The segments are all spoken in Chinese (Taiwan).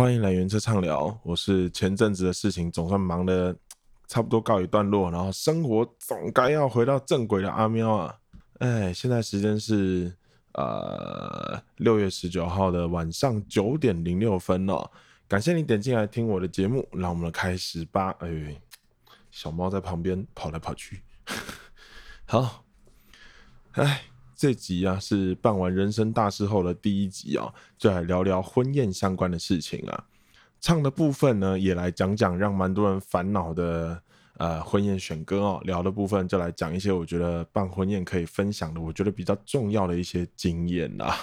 歡迎來緣側唱聊，我是前陣子的事情總算忙得差不多告一段落，然後生活總該要回到正軌的阿喵、啊。哎，現在時間是呃六月十九號的晚上九點零六分了、哦，感謝你點進來聽我的節目，讓我們開始吧。哎，小貓在旁邊跑來跑去。 好，哎。這集啊是辦完人生大事後的第一集啊、哦，就來聊聊婚宴相關的事情啊。唱的部分呢，也來講講讓蠻多人煩惱的呃婚宴選歌哦。聊的部分就來講一些我覺得辦婚宴可以分享的，我覺得比較重要的一些經驗啊。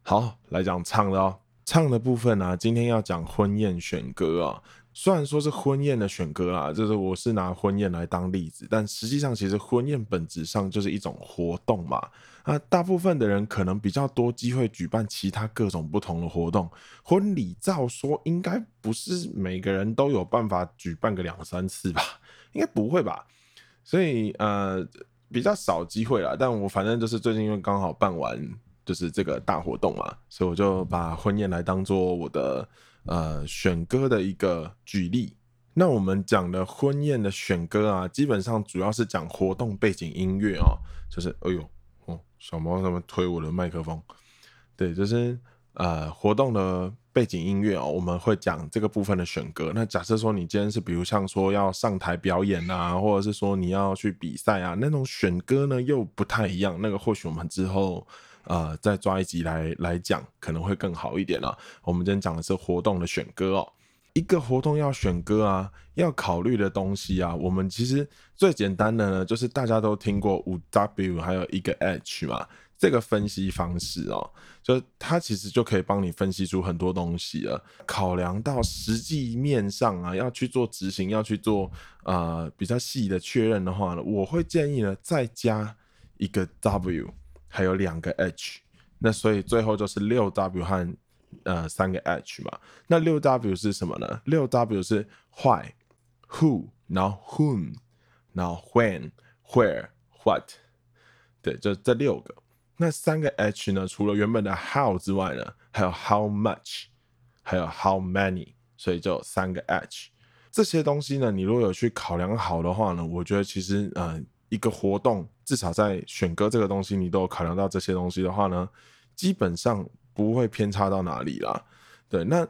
好，來講唱的哦，唱的部分呢、啊，今天要講婚宴選歌啊、哦。雖然說是婚宴的選歌啊，就是我是拿婚宴來當例子，但實際上其實婚宴本質上就是一種活動嘛。啊，大部分的人可能比較多機會舉辦其他各種不同的活動。婚禮照說應該不是每個人都有辦法舉辦個兩三次吧，應該不會吧？所以呃，比較少機會啦。但我反正就是最近因為剛好辦完就是這個大活動嘛，所以我就把婚宴來當做我的。呃，選歌的一個舉例。那我們講的婚宴的選歌啊，基本上主要是講活動背景音樂哦，就是哎呦，哦，小貓他們推我的麥克風，對，就是呃，活動的背景音樂哦，我們會講這個部分的選歌。那假設說你今天是比如像說要上台表演啊，或者是說你要去比賽啊，那種選歌呢又不太一樣。那個或許我們之後。呃，再抓一集來來講，可能會更好一點了，喔。我們今天講的是活動的選歌哦，喔，一個活動要選歌啊，要考慮的東西啊，我們其實最簡單的呢，就是大家都聽過五 W 還有一個 H 嘛，這個分析方式哦，喔，就它其實就可以幫你分析出很多東西了。考量到實際面上啊，要去做執行，要去做呃比較細的確認的話呢，我會建議呢再加一個 W。還有兩個 h，那所以最後就是六 w 和呃三個 h 嘛。那六 w 是什麼呢？六 w 是 why，who，然後 whom，然後 when，where，what。對，就這六個。那三個 h 呢？除了原本的 how 之外呢，還有 how much，還有 how many。所以就三個 h。這些東西呢，你如果有去考量好的話呢，我覺得其實呃一個活動。至少在選歌這個東西，你都有考量到這些東西的話呢，基本上不會偏差到哪裡啦。對，那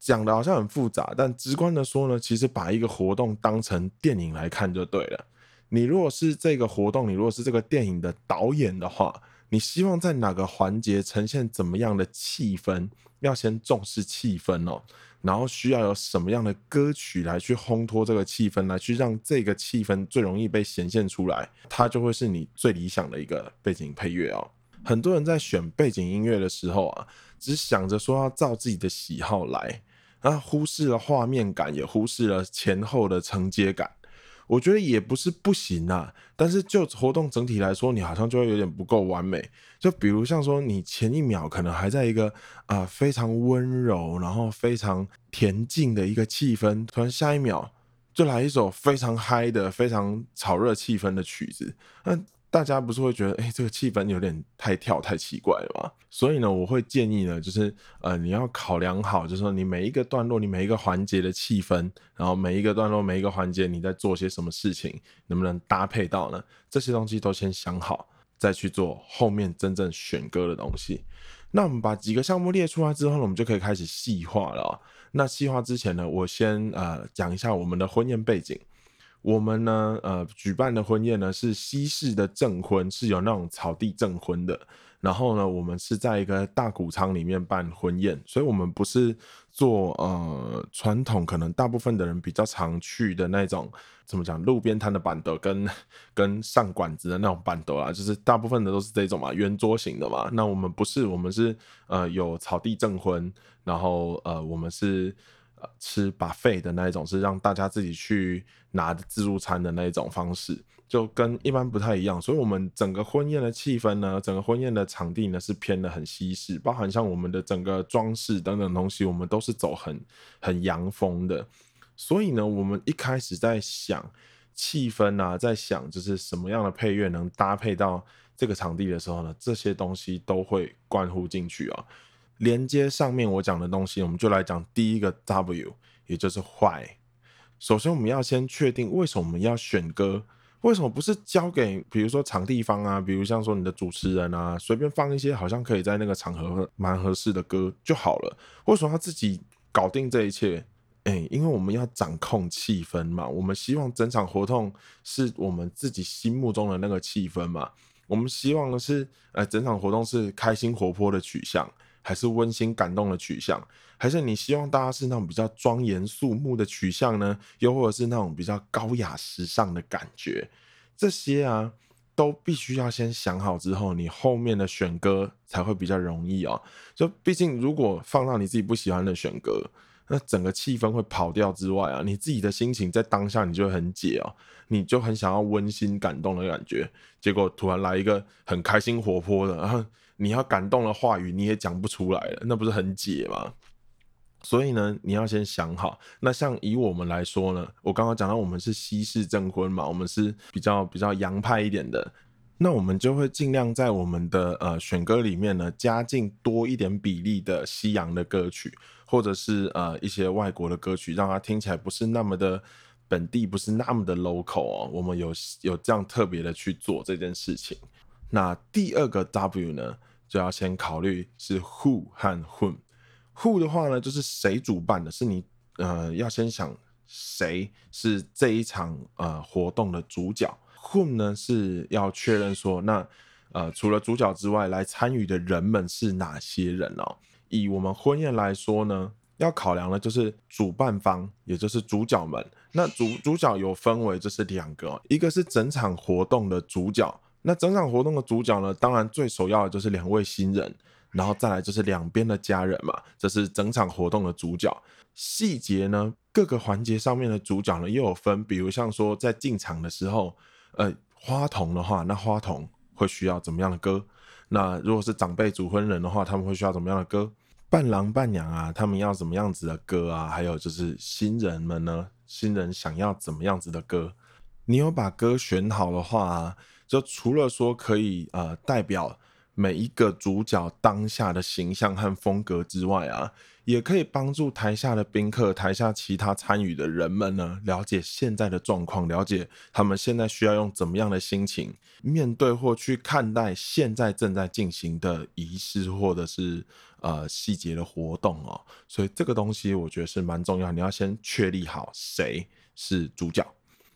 講的好像很複雜，但直觀的說呢，其實把一個活動當成電影來看就對了。你如果是這個活動，你如果是這個電影的導演的話。你希望在哪個環節呈現怎麼樣的氣氛？要先重視氣氛哦，然後需要有什麼樣的歌曲來去烘托這個氣氛，來去讓這個氣氛最容易被顯現出來，它就會是你最理想的一個背景配樂哦。很多人在選背景音樂的時候啊，只想着說要照自己的喜好來，然後忽視了畫面感，也忽視了前後的承接感。我覺得也不是不行啊，但是就活動整體來說，你好像就會有點不夠完美。就比如像說，你前一秒可能還在一個啊、呃、非常溫柔，然後非常恬靜的一個氣氛，突然下一秒就來一首非常嗨的、非常炒熱氣氛的曲子，呃大家不是會覺得，欸，這個氣氛有點太跳、太奇怪了嗎？所以呢，我會建議呢，就是呃，你要考量好，就是說你每一個段落，你每一個環節的氣氛，然後每一個段落、每一個環節你在做些什麼事情，能不能搭配到呢？這些東西都先想好，再去做後面真正選歌的東西。那我們把幾個項目列出來之後呢，我們就可以開始細化了喔。那細化之前呢，我先呃講一下我們的婚宴背景。我們呢，呃，舉辦的婚宴呢是西式的證婚，是有那種草地證婚的。然後呢，我們是在一個大谷倉裡面辦婚宴，所以我們不是做呃傳統，可能大部分的人比較常去的那種，怎麼講，路邊攤的板凳跟跟上館子的那種板凳啦，就是大部分的都是這種嘛，圓桌型的嘛。那我們不是，我們是呃有草地證婚，然後呃我們是。呃、吃 buffet 的那一種是讓大家自己去拿自助餐的那一種方式，就跟一般不太一樣。所以，我們整個婚宴的氣氛呢，整個婚宴的場地呢是偏得很西式，包含像我們的整個裝飾等等東西，我們都是走很很洋風的。所以呢，我們一開始在想氣氛啊，在想就是什麼樣的配樂能搭配到這個場地的時候呢，這些東西都會關乎進去啊。連接上面我講的東西，我們就來講第一個 W，也就是 Why。首先，我們要先確定為什麼我們要選歌，為什麼不是交給比如說場地方啊，比如像說你的主持人啊，隨便放一些好像可以在那個場合蠻合適的歌就好了？為什麼要自己搞定這一切？哎、欸，因為我們要掌控氣氛嘛。我們希望整場活動是我們自己心目中的那個氣氛嘛。我們希望的是，呃，整場活動是開心活潑的取向。還是溫馨感動的取向，還是你希望大家是那種比較莊嚴肅穆的取向呢？又或者是那種比較高雅時尚的感覺？這些啊，都必須要先想好之後，你後面的選歌才會比較容易哦。就畢竟，如果放到你自己不喜歡的選歌，那整個氣氛會跑掉之外啊，你自己的心情在當下你就會很解哦，你就很想要溫馨感動的感覺，結果突然來一個很開心活潑的，然後。你要感動的話語你也講不出來了，那不是很解嗎？所以呢，你要先想好。那像以我們來說呢，我剛剛講到我們是西式證婚嘛，我們是比較比較洋派一點的，那我們就會儘量在我們的呃選歌裡面呢，加進多一點比例的西洋的歌曲，或者是呃一些外國的歌曲，讓它聽起來不是那麼的本地，不是那麼的 local 哦。我們有有這樣特別的去做這件事情。那第二個 W 呢，就要先考慮是 Who 和 Whom。Who 的話呢，就是誰主辦的，是你呃要先想誰是這一場呃活動的主角。Whom 呢，是要確認說，那呃除了主角之外，來參與的人們是哪些人哦。以我們婚宴來說呢，要考量的就是主辦方，也就是主角們。那主主角有分為就是兩個哦，一個是整場活動的主角。那整場活動的主角呢？當然最首要的就是兩位新人，然後再來就是兩邊的家人嘛。這是整場活動的主角。細節呢，各個環節上面的主角呢又有分。比如像說在進場的時候，呃，花童的話，那花童會需要怎麼樣的歌？那如果是長輩、主婚人的話，他們會需要怎麼樣的歌？伴郎、伴娘啊，他們要什麼樣子的歌啊？還有就是新人們呢，新人想要怎麼樣子的歌？你有把歌選好的話啊，就除了說可以呃代表每一個主角當下的形象和風格之外啊，也可以幫助台下的賓客、台下其他參與的人們呢，了解現在的狀況，了解他們現在需要用怎麼樣的心情面對或去看待現在正在進行的儀式或者是呃細節的活動哦。所以這個東西我覺得是蠻重要，你要先確立好誰是主角。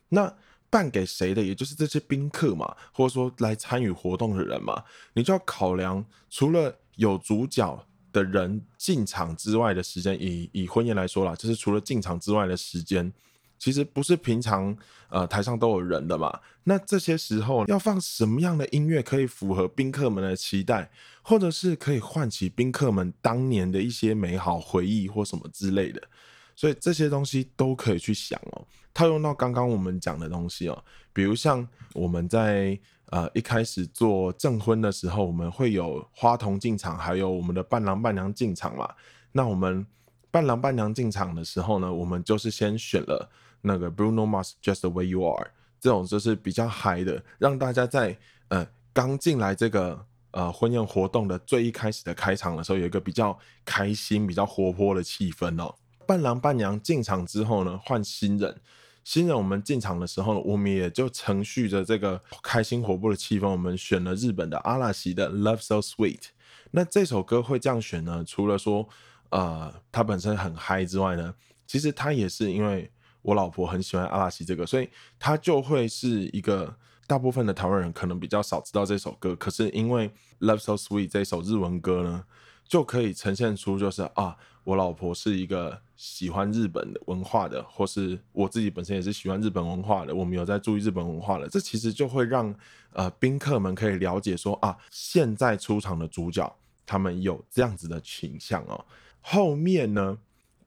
那。辦給誰的，也就是這些賓客嘛，或者說，來參與活動的人嘛，你就要考量除了有主角的人進場之外的時間，以以婚宴來說啦，就是除了進場之外的時間，其實不是平常呃台上都有人的嘛，那這些時候要放什麼樣的音樂可以符合賓客們的期待，或者是可以喚起賓客們當年的一些美好回憶或什麼之類的。所以這些東西都可以去想哦，套用到剛剛我們講的東西哦，比如像我們在呃一開始做證婚的時候，我們會有花童進場，還有我們的伴郎伴娘進場嘛。那我們伴郎伴娘進場的時候呢，我們就是先選了那個 Bruno Mars Just the Way You Are 這種就是比較嗨的，讓大家在呃剛進來這個呃婚宴活動的最一開始的開場的時候，有一個比較開心、比較活潑的氣氛哦。伴郎伴娘進場之後呢，換新人。新人我們進場的時候呢，我們也就承續着這個開心活潑的氣氛。我們選了日本的阿拉西的《Love So Sweet》。那這首歌會這樣選呢？除了說，呃，它本身很嗨之外呢，其實它也是因為我老婆很喜歡阿拉西這個，所以它就會是一個大部分的台灣人可能比較少知道這首歌。可是因為《Love So Sweet》這首日文歌呢。就可以呈現出就是啊，我老婆是一個喜歡日本的文化的，或是我自己本身也是喜歡日本文化的，我們有在注意日本文化的，這其實就會讓呃賓客們可以了解說啊，現在出場的主角他們有這樣子的傾向哦。後面呢。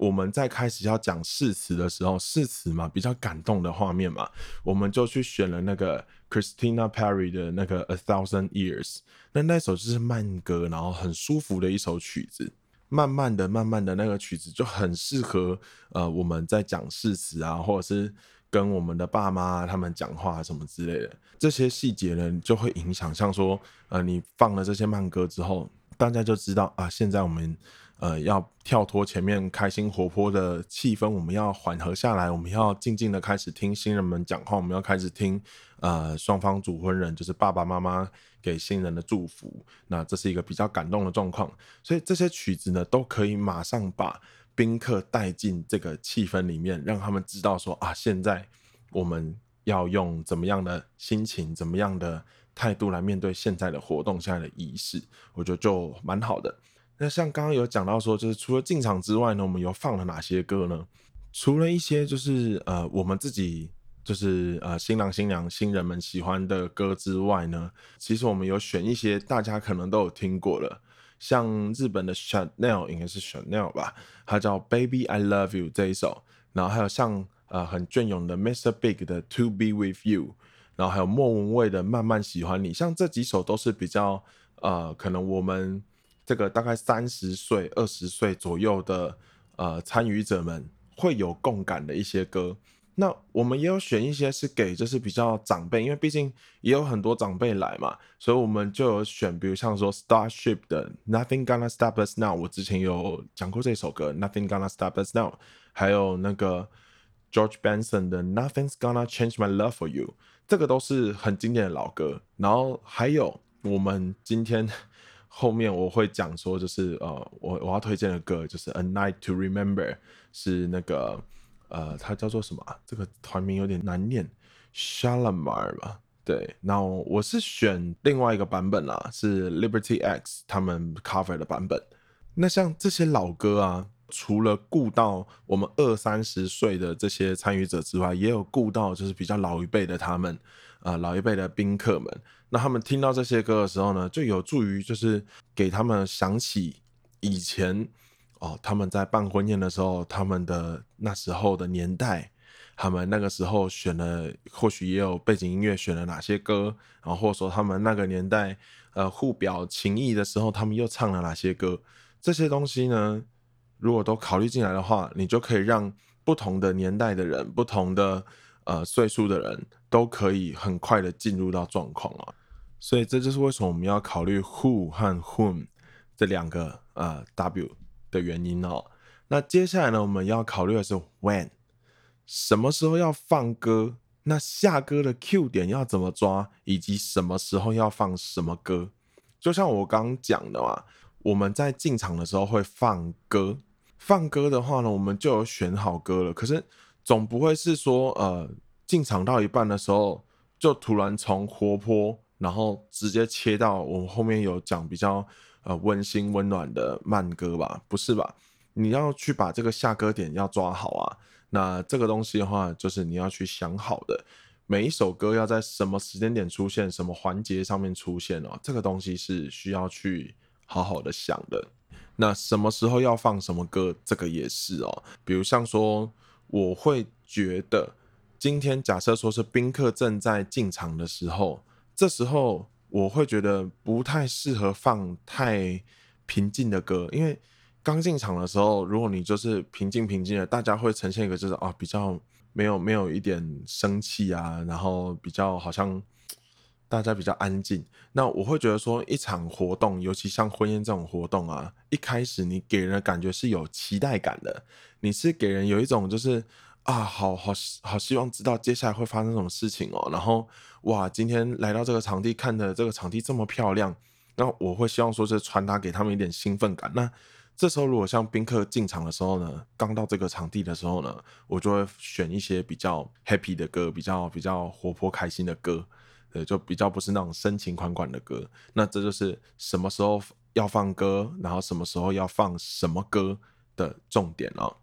我們在開始要講誓詞的時候，誓詞嘛，比較感動的畫面嘛，我們就去選了那個 Christina Perri 的那個 A Thousand Years。那那首就是慢歌，然後很舒服的一首曲子，慢慢的、慢慢的，那個曲子就很適合呃我們在講誓詞啊，或者是跟我們的爸媽、啊、他們講話、啊、什麼之類的。這些細節呢，就會影響，像說呃你放了這些慢歌之後，大家就知道啊、呃，現在我們。呃，要跳脫前面開心活潑的氣氛，我們要緩和下來，我們要靜靜的開始聽新人們講話，我們要開始聽，呃，雙方主婚人就是爸爸媽媽給新人的祝福。那這是一個比較感動的狀況，所以這些曲子呢，都可以馬上把賓客帶進這個氣氛裡面，讓他們知道說啊，現在我們要用怎麼樣的心情、怎麼樣的態度來面對現在的活動、現在的儀式，我覺得就蠻好的。那像剛剛有講到說，就是除了進場之外呢，我們又放了哪些歌呢？除了一些就是呃，我們自己就是呃，新郎新娘新人們喜歡的歌之外呢，其實我們有選一些大家可能都有聽過的，像日本的 Chanel 應該是 Chanel 吧，他叫 Baby I Love You 這一首，然後還有像呃很雋永的 Mr. Big 的 To Be With You，然後還有莫文蔚的慢慢喜歡你，像這幾首都是比較呃，可能我們。這個大概三十歲、二十歲左右的呃參與者們會有共感的一些歌，那我們也有選一些是給就是比較長輩，因為畢竟也有很多長輩來嘛，所以我們就有選，比如像說 Starship 的 Nothing Gonna Stop Us Now，我之前有講過這首歌 Nothing Gonna Stop Us Now，還有那個 George Benson 的 Nothing's Gonna Change My Love For You，這個都是很經典的老歌。然後還有我們今天。後面我會講說，就是呃，我我要推薦的歌就是《A Night to Remember》是那個呃，它叫做什麼、啊？這個團名有點難唸 Shalamar 吧，對，然後我是選另外一個版本啦，啊，是 Liberty X 他們 cover 的版本。那像這些老歌啊，除了顧到我們二三十歲的這些參與者之外，也有顧到就是比較老一輩的他們。啊、呃，老一輩的賓客們，那他們聽到這些歌的時候呢，就有助於就是給他們想起以前哦，他們在辦婚宴的時候，他們的那時候的年代，他們那個時候選了或許也有背景音樂，選了哪些歌，然、哦、後或者說他們那個年代呃互表情意的時候，他們又唱了哪些歌，這些東西呢，如果都考慮進來的話，你就可以讓不同的年代的人，不同的呃歲數的人。都可以很快的進入到狀況啊，所以這就是為什麼我們要考慮 who 和 whom 這兩個呃 w 的原因哦、喔。那接下來呢，我們要考慮的是 when，什麼時候要放歌？那下歌的 Q 點要怎麼抓？以及什麼時候要放什麼歌？就像我剛剛講的嘛，我們在進場的時候會放歌，放歌的話呢，我們就有選好歌了。可是總不會是說呃。進場到一半的時候，就突然從活潑，然後直接切到我們後面有講比較呃溫馨溫暖的慢歌吧，不是吧？你要去把這個下歌點要抓好啊。那這個東西的話，就是你要去想好的，每一首歌要在什麼時間點出現，什麼環節上面出現哦。這個東西是需要去好好的想的。那什麼時候要放什麼歌，這個也是哦。比如像說，我會覺得。今天假設說是賓客正在進場的時候，這時候我會覺得不太適合放太平靜的歌，因為剛進場的時候，如果你就是平靜平靜的，大家會呈現一個就是啊比較沒有沒有一點生氣啊，然後比較好像大家比較安靜。那我會覺得說一場活動，尤其像婚宴這種活動啊，一開始你給人的感覺是有期待感的，你是給人有一種就是。啊，好好好，希望知道接下來會發生什麼事情哦。然後，哇，今天來到這個場地看着這個場地這麼漂亮，那我會希望說是傳達給他們一點興奮感。那這時候如果像賓客進場的時候呢，剛到這個場地的時候呢，我就會選一些比較 happy 的歌，比較比較活潑開心的歌，呃，就比較不是那種深情款款的歌。那這就是什麼時候要放歌，然後什麼時候要放什麼歌的重點哦。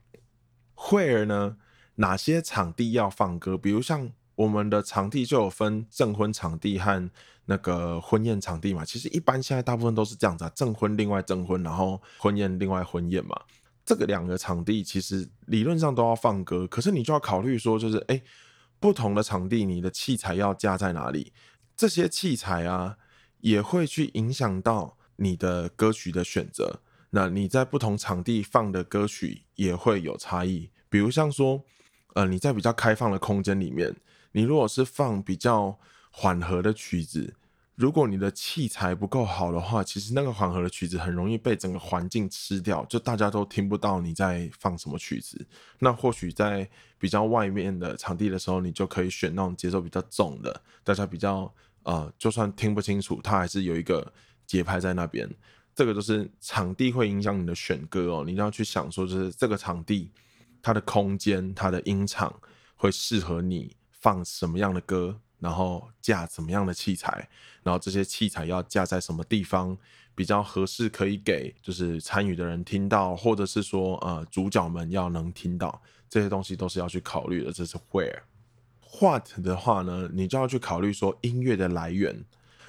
慧兒呢？哪些場地要放歌？比如像我們的場地就有分證婚場地和那個婚宴場地嘛。其實一般現在大部分都是這樣子啊，證婚另外證婚，然後婚宴另外婚宴嘛。這個兩個場地其實理論上都要放歌，可是你就要考慮說，就是哎、欸，不同的場地你的器材要架在哪裡？這些器材啊，也會去影響到你的歌曲的選擇。那你在不同場地放的歌曲也會有差異。比如像說。呃，你在比較開放的空間裡面，你如果是放比較緩和的曲子，如果你的器材不夠好的話，其實那個緩和的曲子很容易被整個環境吃掉，就大家都聽不到你在放什麼曲子。那或許在比較外面的場地的時候，你就可以選那種節奏比較重的，大家比較呃，就算聽不清楚，它還是有一個節拍在那邊。這個就是場地會影響你的選歌哦，你要去想說，就是這個場地。它的空間、它的音場會適合你放什麼樣的歌，然後架什麼樣的器材，然後這些器材要架在什麼地方比較合適，可以給就是參與的人聽到，或者是說呃主角們要能聽到，這些東西都是要去考慮的。這是 where。What 的話呢，你就要去考慮說音樂的來源，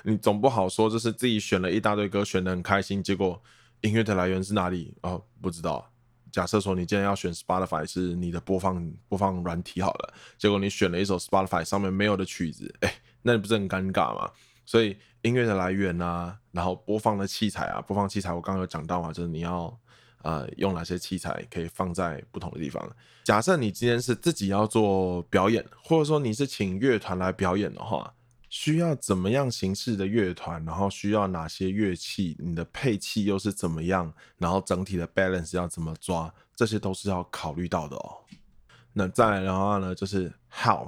你總不好說這是自己選了一大堆歌，選的很開心，結果音樂的來源是哪裡哦，不知道。假設說你今天要選 Spotify 是你的播放播放軟體好了，結果你選了一首 Spotify 上面沒有的曲子，誒，那你不是很尷尬嗎？所以音樂的來源啊，然後播放的器材啊，播放器材我剛剛有講到啊，就是你要呃用哪些器材可以放在不同的地方。假設你今天是自己要做表演，或者說你是請樂團來表演的話。需要怎麼樣形式的樂團？然後需要哪些樂器？你的配器又是怎麼樣？然後整體的 balance 要怎麼抓？這些都是要考慮到的哦。那再來的話呢，就是 how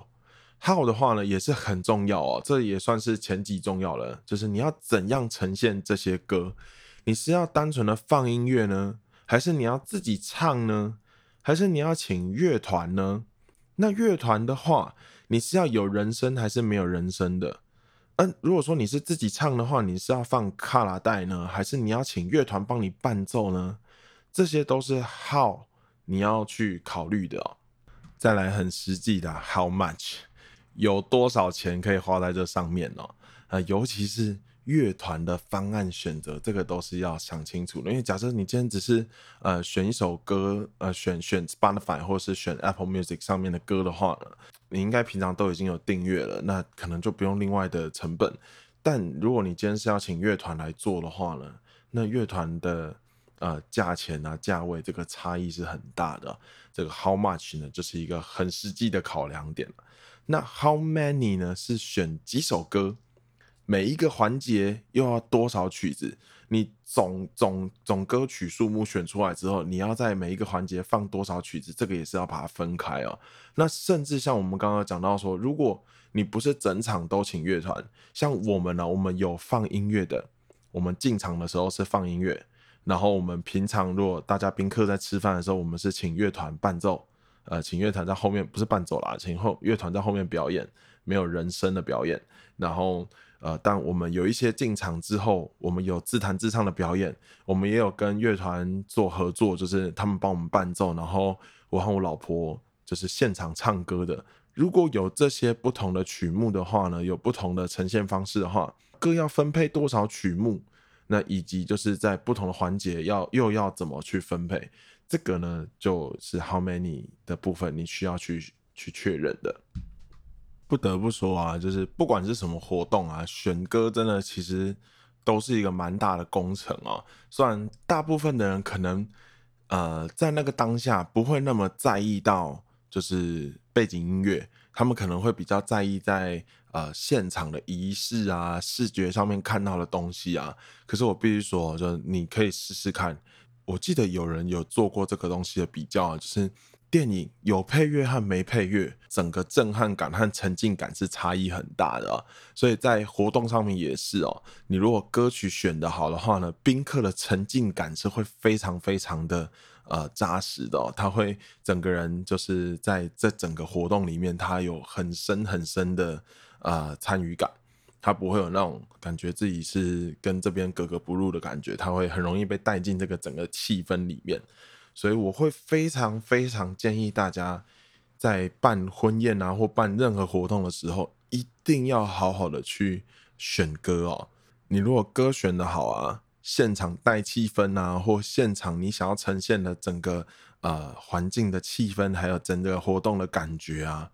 how 的話呢，也是很重要哦。這也算是前幾重要了，就是你要怎樣呈現這些歌？你是要單純的放音樂呢，還是你要自己唱呢？還是你要請樂團呢？那樂團的話。你是要有人聲還是沒有人聲的？嗯，如果說你是自己唱的話，你是要放卡拉帶呢，還是你要請樂團幫你伴奏呢？這些都是 how 你要去考慮的哦。再來，很實際的 how much 有多少錢可以花在這上面呢、哦？呃，尤其是樂團的方案選擇，這個都是要想清楚的。因為假設你今天只是呃選一首歌，呃選選 Spotify 或是選 Apple Music 上面的歌的話呢。你應該平常都已經有訂閱了，那可能就不用另外的成本。但如果你今天是要請樂團來做的話呢，那樂團的呃價錢啊、價位這個差異是很大的。這個 how much 呢，就是一個很實際的考量點。那 how many 呢，是選幾首歌？每一個環節又要多少曲子？你總總總歌曲數目選出來之後，你要在每一個環節放多少曲子，這個也是要把它分開哦。那甚至像我們剛剛講到說，如果你不是整場都請樂團，像我們呢，我們有放音樂的，我們進場的時候是放音樂，然後我們平常如果大家賓客在吃飯的時候，我們是請樂團伴奏，呃，請樂團在後面不是伴奏啦，請後樂團在後面表演，沒有人聲的表演，然後。呃，當我們有一些進場之後，我們有自彈自唱的表演，我們也有跟樂團做合作，就是他們幫我們伴奏，然後我和我老婆就是現場唱歌的。如果有這些不同的曲目的話呢，有不同的呈現方式的話，各要分配多少曲目，那以及就是在不同的環節要又要怎麼去分配，這個呢就是 how many 的部分，你需要去去確認的。不得不說啊，就是不管是什麼活動啊，選歌真的其實都是一個蠻大的工程啊。雖然大部分的人可能呃在那個當下不會那麼在意到就是背景音樂，他們可能會比較在意在呃現場的儀式啊、視覺上面看到的東西啊。可是我必須說，就是你可以試試看。我記得有人有做過這個東西的比較啊，就是，電影有配樂和沒配樂，整個震撼感和沉浸感是差異很大的哦。所以在活動上面也是哦，你如果歌曲選得好的話呢，賓客的沉浸感是會非常非常的呃扎實的哦。他會整個人就是在這整個活動裡面，他有很深很深的呃參與感，他不會有那種感覺自己是跟這邊格格不入的感覺，他會很容易被帶進這個整個氣氛裡面。所以我會非常非常建議大家，在辦婚宴啊或辦任何活動的時候，一定要好好的去選歌哦。你如果歌選得好啊，現場帶氣氛啊，或現場你想要呈現的整個呃環境的氣氛，還有整個活動的感覺啊，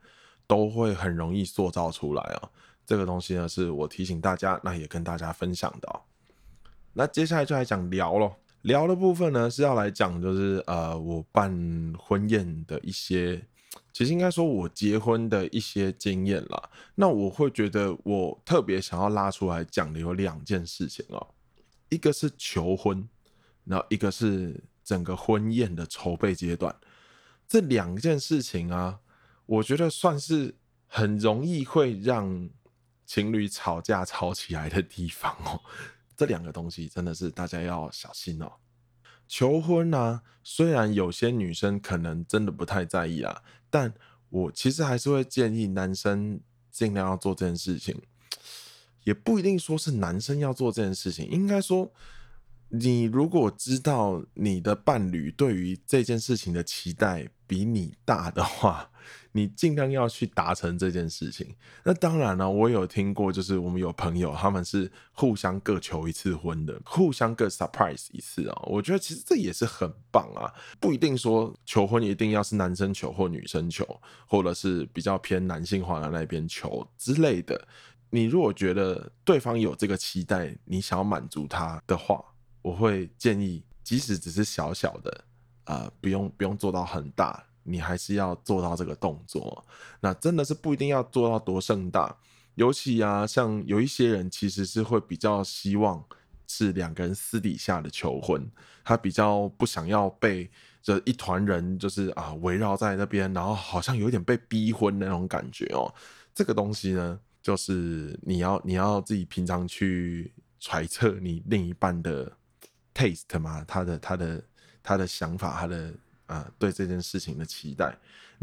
都會很容易塑造出來哦。這個東西呢，是我提醒大家，那也跟大家分享的哦。那接下來就來講聊嘍。聊的部分呢，是要來講，就是呃，我辦婚宴的一些，其實應該說我結婚的一些經驗啦。那我會覺得，我特別想要拉出來講的有兩件事情喔，一個是求婚，然後一個是整個婚宴的籌備階段。這兩件事情啊，我覺得算是很容易會讓情侶吵架吵起來的地方喔。這兩個東西真的是大家要小心哦。求婚啊，雖然有些女生可能真的不太在意啊，但我其實還是會建議男生儘量要做這件事情。也不一定說是男生要做這件事情，應該說，你如果知道你的伴侶對於這件事情的期待比你大的話。你盡量要去達成這件事情。那當然了啊，我有聽過，就是我們有朋友他們是互相各求一次婚的，互相各 surprise 一次啊。我覺得其實這也是很棒啊，不一定說求婚一定要是男生求或女生求，或者是比較偏男性化的那邊求之類的。你如果覺得對方有這個期待，你想要滿足他的話，我會建議，即使只是小小的，啊，呃，不用不用做到很大。你還是要做到這個動作，那真的是不一定要做到多盛大。尤其啊，像有一些人其實是會比較希望是兩個人私底下的求婚，他比較不想要被這一團人就是啊圍繞在那邊，然後好像有點被逼婚，那種感覺哦。這個東西呢，就是你要你要自己平常去揣測你另一半的 taste 嘛，他的他的他的想法，他的。啊，對這件事情的期待。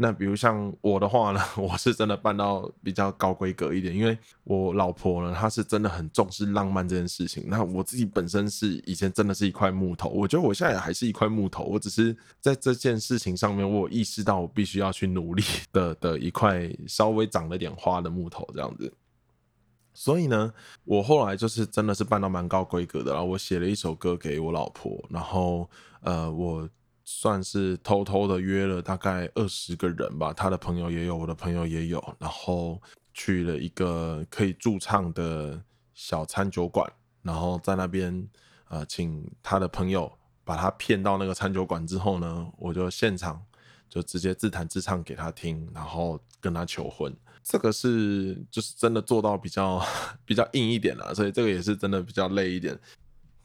那比如像我的話呢，我是真的辦到比較高規格一點，因為我老婆呢，她是真的很重視浪漫這件事情。那我自己本身是以前真的是一塊木頭，我覺得我現在也還是一塊木頭，我只是在這件事情上面，我有意識到我必須要去努力的的一塊稍微長了點花的木頭這樣子。所以呢，我後來就是真的是辦到蠻高規格的，然後我寫了一首歌給我老婆，然後呃我。算是偷偷的約了大概二十個人吧，他的朋友也有，我的朋友也有，然後去了一個可以駐唱的小餐酒館，然後在那邊呃請他的朋友把他騙到那個餐酒館之後呢，我就現場就直接自彈自唱給他聽，然後跟他求婚，這個是就是真的做到比較比較硬一點了，所以這個也是真的比較累一點。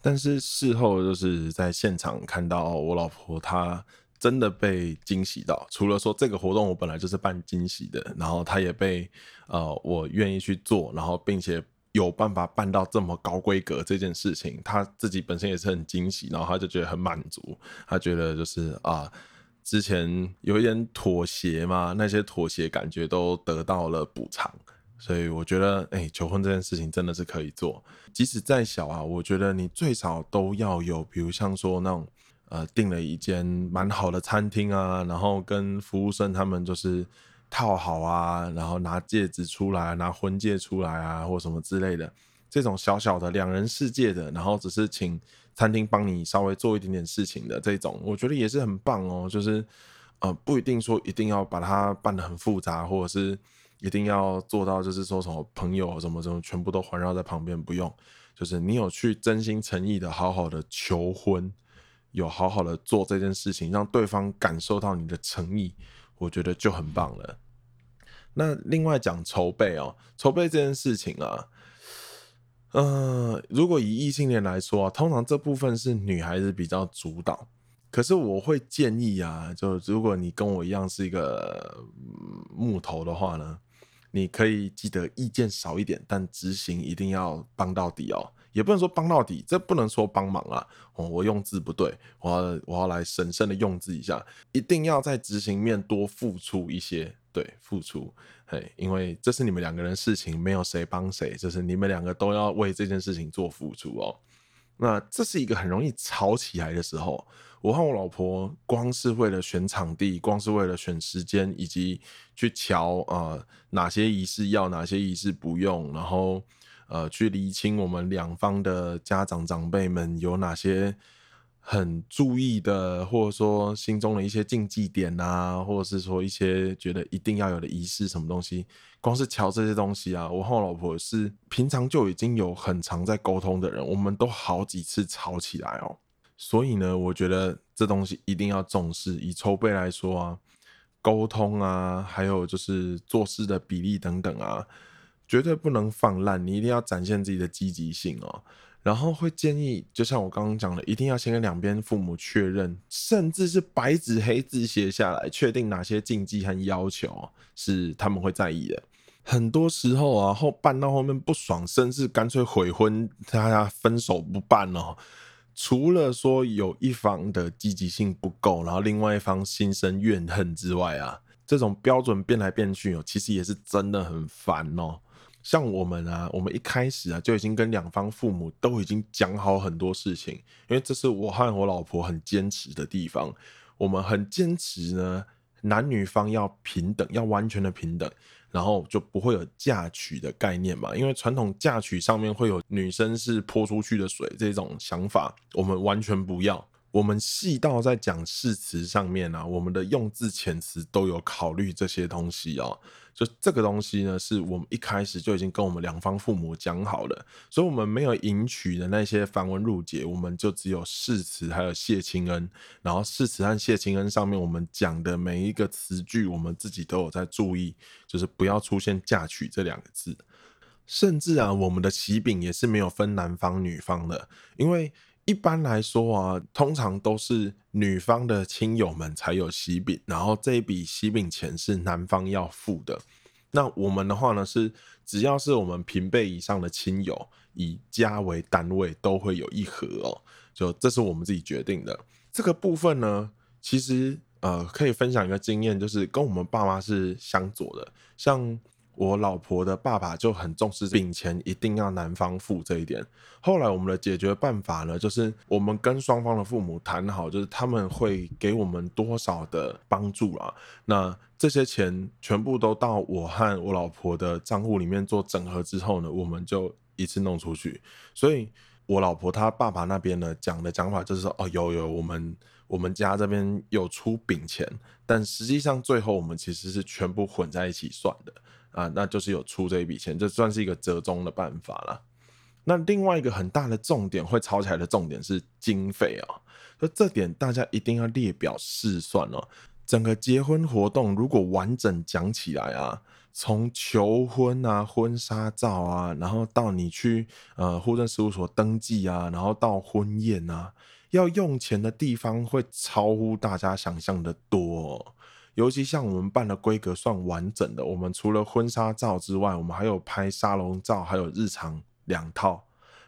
但是事後就是在現場看到，哦，我老婆，她真的被驚喜到。除了說這個活動我本來就是辦驚喜的，然後她也被呃我願意去做，然後並且有辦法辦到這麼高規格這件事情，她自己本身也是很驚喜，然後她就覺得很滿足，她覺得就是啊，呃，之前有一點妥協嘛，那些妥協感覺都得到了補償。所以我覺得，哎、欸，求婚這件事情真的是可以做，即使再小啊，我覺得你最少都要有，比如像說那種，呃，訂了一間蠻好的餐廳啊，然後跟服務生他們就是套好啊，然後拿戒指出來，拿婚戒出來啊，或什麼之類的，這種小小的兩人世界的，然後只是請餐廳幫你稍微做一點點事情的這種，我覺得也是很棒哦，就是，呃，不一定說一定要把它辦得很複雜，或者是。一定要做到，就是說什麼朋友什麼什麼，全部都環繞在旁邊，不用。就是你有去真心誠意的好好的求婚，有好好的做這件事情，讓對方感受到你的誠意，我覺得就很棒了。那另外講籌備哦、喔，籌備這件事情啊，嗯、呃，如果以異性戀來說啊，通常這部分是女孩子比較主導。可是我會建議啊，就如果你跟我一樣是一個木頭的話呢，你可以記得意見少一點，但執行一定要幫到底哦。也不能說幫到底，這不能說幫忙啊、哦。我用字不對，我要我要來審慎的用字一下，一定要在執行面多付出一些，對，付出。嘿。因為這是你們兩個人的事情，沒有誰幫誰，就是你們兩個都要為這件事情做付出哦。那這是一個很容易吵起來的時候。我和我老婆光是為了選場地，光是為了選時間，以及去喬啊、呃、哪些儀式要，哪些儀式不用，然後呃去釐清我們兩方的家長長輩們有哪些，很注意的，或者說心中的一些禁忌點啊，或者是說一些覺得一定要有的儀式什麼東西，光是喬這些東西啊，我和我老婆是平常就已經有很常在溝通的人，我們都好幾次吵起來哦。所以呢，我覺得這東西一定要重視。以籌備來說啊，溝通啊，還有就是做事的比例等等啊，絕對不能放爛。你一定要展現自己的積極性哦。然後會建議，就像我剛剛講的，一定要先跟兩邊父母確認，甚至是白紙黑字寫下來，確定哪些禁忌和要求是他們會在意的。很多時候啊，後辦到後面不爽，甚至乾脆悔婚，大家分手不辦了哦。除了說有一方的積極性不夠，然後另外一方心生怨恨之外啊，這種標準變來變去哦，其實也是真的很煩哦。像我們啊，我們一開始啊就已經跟兩方父母都已經講好很多事情，因為這是我和我老婆很堅持的地方。我們很堅持呢，男女方要平等，要完全的平等，然後就不會有嫁娶的概念嘛。因為傳統嫁娶上面會有女生是潑出去的水這種想法，我們完全不要。我們細到在講誓詞上面啊，我們的用字遣詞都有考慮這些東西啊、哦。就這個東西呢，是我們一開始就已經跟我們兩方父母講好了，所以我們沒有迎娶的那些繁文縟節，我們就只有誓詞，還有謝親恩。然後誓詞和謝親恩上面，我們講的每一個詞句，我們自己都有在注意，就是不要出現“嫁娶”這兩個字。甚至啊，我們的喜餅也是沒有分男方女方的，因為。一般來說啊，通常都是女方的親友們才有喜餅，然後這一筆喜餅錢是男方要付的。那我們的話呢，是只要是我們平輩以上的親友，以家為單位都會有一盒哦、喔。就這是我們自己決定的。這個部分呢，其實呃可以分享一個經驗，就是跟我們爸媽是相左的，像。我老婆的爸爸就很重視，餅錢一定要男方付這一點。後來我們的解決辦法呢，就是我們跟雙方的父母談好，就是他們會給我們多少的幫助啊，那這些錢全部都到我和我老婆的賬戶裡面做整合之後呢，我們就一次弄出去。所以，我老婆她爸爸那邊呢講的講法就是說哦，有有，我們我們家這邊有出餅錢，但實際上最後我們其實是全部混在一起算的。啊，那就是有出這一筆錢，這算是一個折中的辦法了。那另外一個很大的重點，會吵起來的重點是經費啊、喔，所以這點大家一定要列表試算哦、喔。整個結婚活動如果完整講起來啊，從求婚啊、婚紗照啊，然後到你去呃，戶政事務所登記啊，然後到婚宴啊，要用錢的地方會超乎大家想象的多，喔。尤其像我們辦的規格算完整的，我們除了婚紗照之外，我們還有拍沙龍照，還有日常兩套，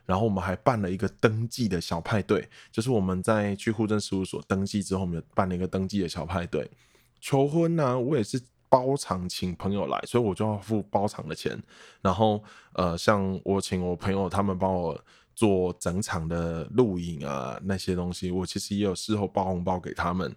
然後我們還辦了一個登記的小派對，就是我們在去戶政事務所登記之後，我們辦了一個登記的小派對。求婚呢、啊，我也是包場請朋友來，所以我就要付包場的錢。然後呃，像我請我朋友他們幫我做整場的錄影啊那些東西，我其實也有事後包紅包給他們。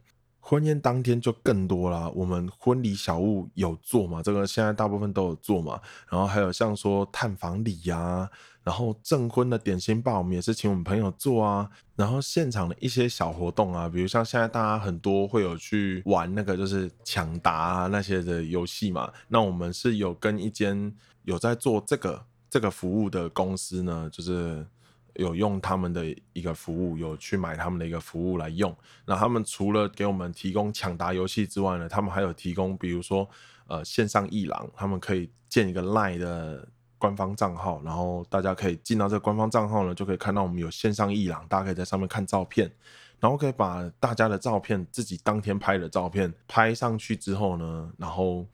婚宴當天就更多了，我們婚禮小物有做嘛，這個現在大部分都有做嘛。然後還有像說探訪禮呀，然後證婚的點心包，我們也是請我們朋友做啊。然後現場的一些小活動啊，比如像現在大家很多會有去玩那個就是搶答啊那些的遊戲嘛。那我們是有跟一間有在做這個這個服務的公司呢，就是。有用他們的一個服務，有去買他們的一個服務來用。那他們除了給我們提供搶答遊戲之外呢，他們還有提供，比如說，呃，線上藝廊，他們可以建一個 LINE 的官方賬號，然後大家可以進到這個官方賬號呢，就可以看到我們有線上藝廊，大家可以在上面看照片，然後可以把大家的照片，自己當天拍的照片拍上去之後呢，然後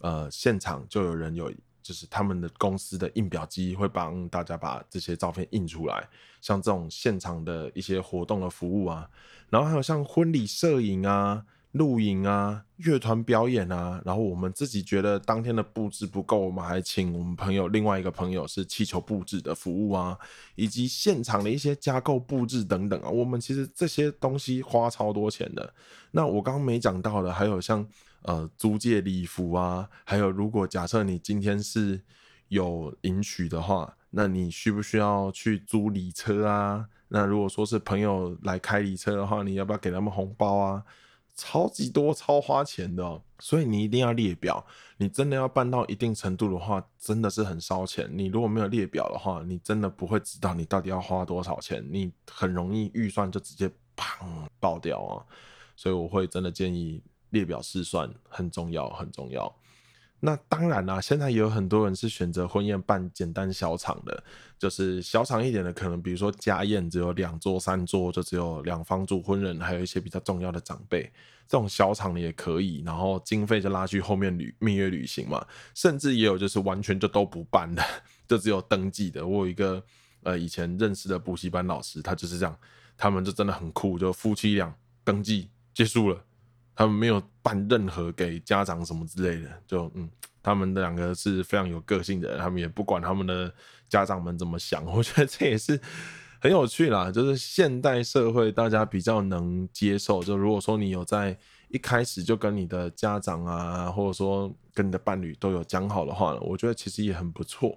呃，現場就有人有。就是他們的公司的印表機會幫大家把這些照片印出來，像這種現場的一些活動的服務啊，然後還有像婚禮攝影啊、錄影啊、樂團表演啊，然後我們自己覺得當天的佈置不夠，我們還請我們朋友，另外一個朋友是氣球佈置的服務啊，以及現場的一些架構佈置等等啊，我們其實這些東西花超多錢的。那我剛剛沒講到的，還有像。呃，租借禮服啊，還有，如果假設你今天是有迎娶的話，那你需不需要去租禮車啊？那如果說是朋友來開禮車的話，你要不要給他們紅包啊？超級多超花錢的喔，所以你一定要列表。你真的要辦到一定程度的話，真的是很燒錢。你如果沒有列表的話，你真的不會知道你到底要花多少錢，你很容易預算就直接砰爆掉啊喔。所以我會真的建議。列表試算很重要，很重要。那當然啦、啊，現在也有很多人是選擇婚宴辦簡單小場的，就是小場一點的，可能比如說家宴只有兩桌三桌，就只有兩方主婚人，還有一些比較重要的長輩，這種小場的也可以。然後經費就拉去後面旅，蜜月旅行嘛。甚至也有就是完全就都不辦的，就只有登記的。我有一個呃以前認識的補習班老師，他就是這樣，他們就真的很酷，就夫妻倆登記結束了。他們沒有辦任何給家長什麼之類的，就嗯，他們兩個是非常有個性的，他們也不管他們的家長們怎麼想，我覺得這也是很有趣啦。就是現代社會大家比較能接受，就如果說你有在一開始就跟你的家長啊，或者說跟你的伴侶都有講好的話呢，我覺得其實也很不錯。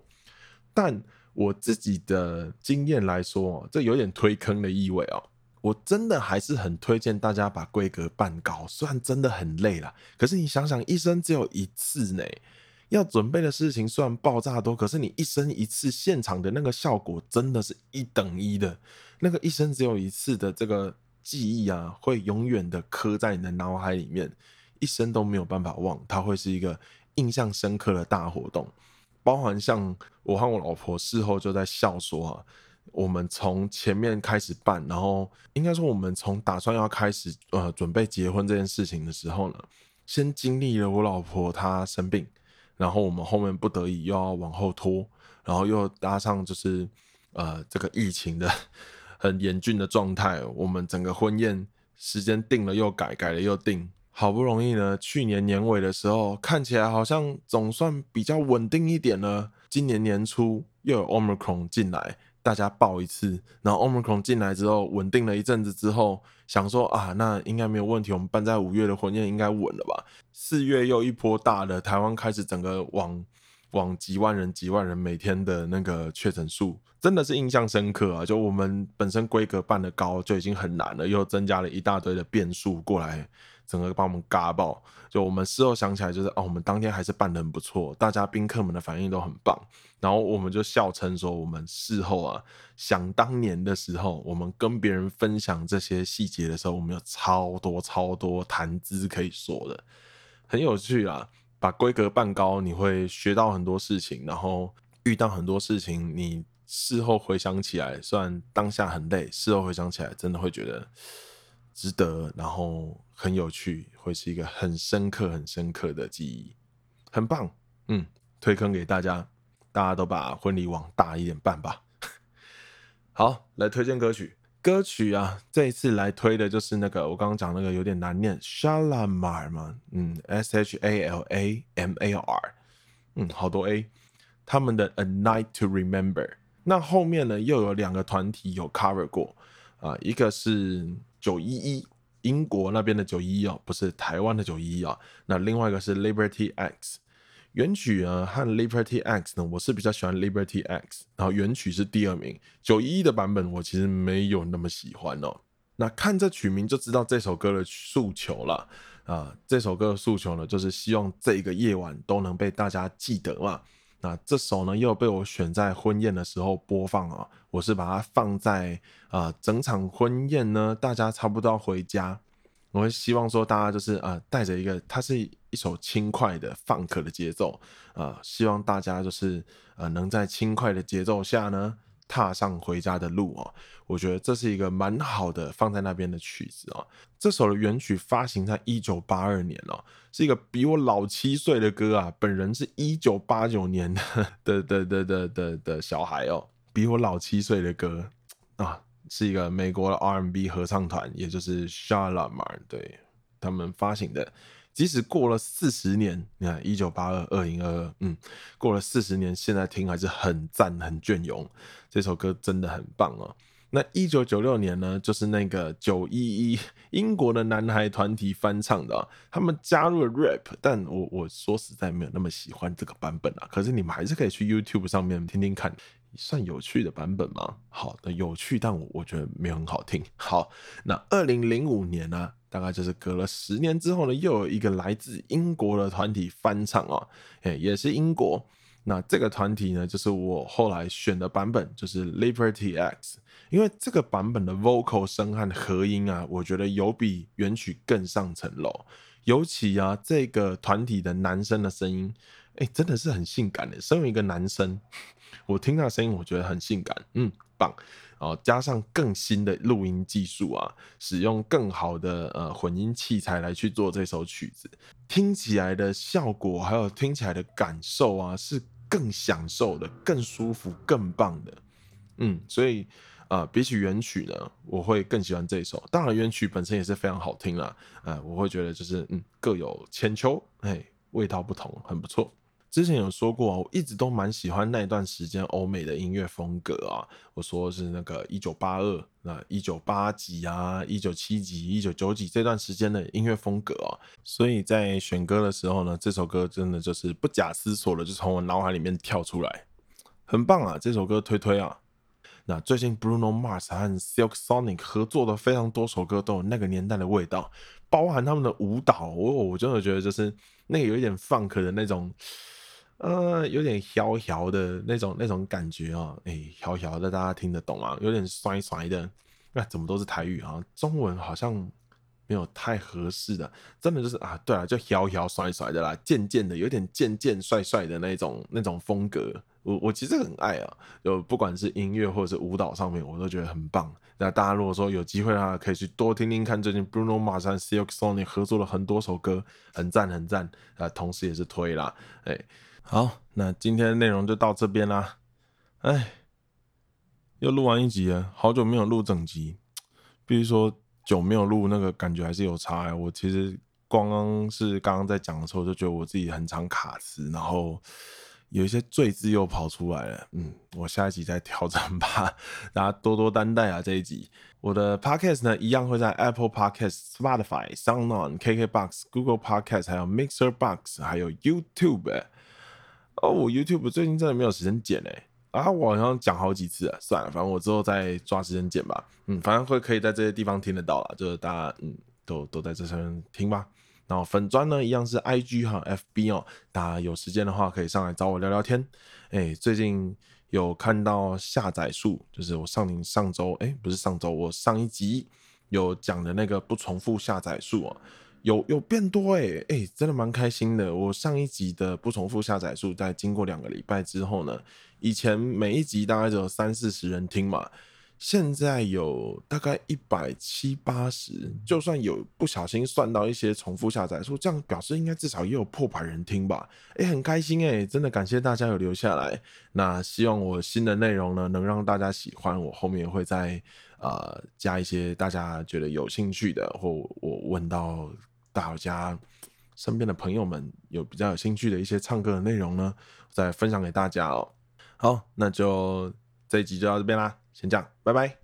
但我自己的經驗來說，這有點推坑的意味哦。我真的還是很推薦大家把規格辦高，雖然真的很累了，可是你想想，一生只有一次呢，要準備的事情雖然爆炸多，可是你一生一次現場的那個效果，真的是一等一的。那個一生只有一次的這個記憶啊，會永遠的刻在你的腦海裡面，一生都沒有辦法忘。它會是一個印象深刻的大活動，包含像我和我老婆事後就在笑說啊。我們從前面開始辦，然後應該說我們從打算要開始呃準備結婚這件事情的時候呢，先經歷了我老婆她生病，然後我們後面不得已又要往後拖，然後又搭上就是呃這個疫情的很嚴峻的狀態，我們整個婚宴時間定了又改，改了又定，好不容易呢去年年尾的時候看起來好像總算比較穩定一點了，今年年初又有 Omicron 進來。大家爆一次，然後 Omicron 進來之後，穩定了一陣子之後，想說啊，那應該沒有問題，我們辦在五月的婚宴應該穩了吧？四月又一波大的，台灣開始整個往往幾萬人、幾萬人每天的那個確診數，真的是印象深刻啊！就我們本身規格辦得高，就已經很難了，又增加了一大堆的變數過來。整個把我們嘎爆，就我們事後想起來，就是哦，我們當天還是辦得很不錯，大家賓客們的反應都很棒，然後我們就笑稱說，我們事後啊想當年的時候，我們跟別人分享這些細節的時候，我們有超多超多談資可以說的，很有趣啊！把規格辦高，你會學到很多事情，然後遇到很多事情，你事後回想起來，雖然當下很累，事後回想起來，真的會覺得，值得，然後很有趣，會是一個很深刻、很深刻的記憶，很棒。嗯，推坑給大家，大家都把婚禮往大一點辦吧。 好，來推薦歌曲。歌曲啊，這一次來推的就是那個我剛剛講那個有點難念，Shalamar 嘛，嗯，S H A L A M A R，嗯，好多 A。他們的 A Night to Remember，那後面呢又有兩個團體有 cover 過啊、呃，一個是。九一一，英國那邊的九一一哦，不是台灣的九一一啊。那另外一個是 Liberty X，原曲呢，和 Liberty X 呢，我是比較喜歡 Liberty X，然後原曲是第二名。九一一的版本我其實沒有那麼喜歡哦、喔。那看這曲名就知道這首歌的訴求了啊、呃。這首歌的訴求呢，就是希望這個夜晚都能被大家記得嘛。那、呃、這首呢，又被我選在婚宴的時候播放啊、哦。我是把它放在啊、呃，整場婚宴呢，大家差不多要回家，我會希望說，大家就是啊、呃，帶着一個，它是一首輕快的放克的節奏啊、呃，希望大家就是呃能在輕快的節奏下呢，踏上回家的路哦，我覺得這是一個蠻好的放在那邊的曲子哦。這首的原曲發行在一九八二年哦，是一個比我老七歲的歌啊。本人是一九八九年的的的的的的小孩哦，比我老七歲的歌啊，是一個美國的 R&B 合唱團，也就是 Shalamar，對，他們發行的。即使過了四十年，你看一九八二二零二二，1982, 2022, 嗯，過了四十年，現在聽還是很讚，很雋永。這首歌真的很棒哦。那一九九六年呢，就是那個九一一英國的男孩團體翻唱的啊，他們加入了 rap，但我我說實在沒有那麼喜歡這個版本啊。可是你們還是可以去 YouTube 上面聽聽看，算有趣的版本嗎？好的，有趣，但我我覺得沒很好聽。好，那二零零五年呢啊，大概就是隔了十年之後呢，又有一個來自英國的團體翻唱哦。誒，也是英國。那這個團體呢，就是我後來選的版本，就是 Liberty X，因為這個版本的 vocal 聲和和音啊，我覺得有比原曲更上層樓。尤其啊，這個團體的男生的聲音，哎、欸，真的是很性感的、欸。身為一個男生，我聽他的聲音，我覺得很性感。嗯，棒。哦，加上更新的錄音技術啊，使用更好的呃混音器材來去做這首曲子，聽起來的效果還有聽起來的感受啊，是更享受的、更舒服、更棒的。嗯，所以啊、呃，比起原曲呢，我會更喜歡這首。當然，原曲本身也是非常好聽啦，呃，我會覺得就是嗯，各有千秋，嘿，味道不同，很不錯。之前有說過啊，我一直都蠻喜歡那段時間歐美的音樂風格啊。我說是那個一九八二、那一九八幾啊、一九七幾、一九九幾這段時間的音樂風格啊。所以在選歌的時候呢，這首歌真的就是不假思索的就從我腦海裡面跳出來，很棒啊！這首歌推推啊。那最近 Bruno Mars 和 Silk Sonic 合作的非常多首歌都有那個年代的味道，包含他們的舞蹈哦，我我真的覺得就是那個有一點 funk 的那種。呃，有點逍遙的那種那種感覺啊、喔，哎、欸，逍遙的大家聽得懂嗎、啊？有點甩甩的，那怎麼都是台語啊？中文好像沒有太合適的，真的就是啊，對啊，就逍遙甩甩的啦，漸漸的，有點漸漸甩甩的那種那種風格，我我其實很愛啊、喔，就不管是音樂或者是舞蹈上面，我都覺得很棒。那大家如果說有機會的話，可以去多聽聽看最近 Bruno Mars 和 Silk Sonic 合作了很多首歌，很讚很讚、呃，同時也是推啦，哎、欸。好，那今天內容就到這邊啦。哎，又錄完一集了，好久沒有錄整集，必須說久沒有錄，那個感覺還是有差哎、欸。我其實光是剛剛在講的時候，就覺得我自己很常卡詞，然後有一些贅字又跑出來了。嗯，我下一集再調整吧。大家多多擔待啊！這一集我的 Podcast 呢，一樣會在 Apple Podcast、Spotify、SoundOn、KKBox、Google Podcast 還有 Mixer Box 還有 YouTube、欸。哦，我 YouTube 最近真的沒有時間剪哎，啊，我好像講好幾次啊。算了，反正我之後再抓時間剪吧。嗯，反正會可以在這些地方聽得到了，就是大家嗯都都在這上面聽吧。然後粉專呢，一樣是 IG 和 FB 哦，大家有時間的話可以上來找我聊聊天。哎、欸，最近有看到下載數，就是我上年上周哎、欸、不是上周，我上一集有講的那個不重複下載數哦。有有變多哎、欸、誒、欸，真的蠻開心的。我上一集的不重複下載數，在經過兩個禮拜之後呢，以前每一集大概只有三四十人聽嘛，現在有大概一百七八十。就算有不小心算到一些重複下載數，這樣表示應該至少也有破百人聽吧？哎、欸，很開心哎、欸，真的感謝大家有留下來。那希望我新的內容呢，能讓大家喜歡。我後面會再呃加一些大家覺得有興趣的，或我問到。大家身邊的朋友們有比較有興趣的一些唱歌的內容呢，再分享給大家哦。好，那就這一集就到這邊啦，先這樣，拜拜。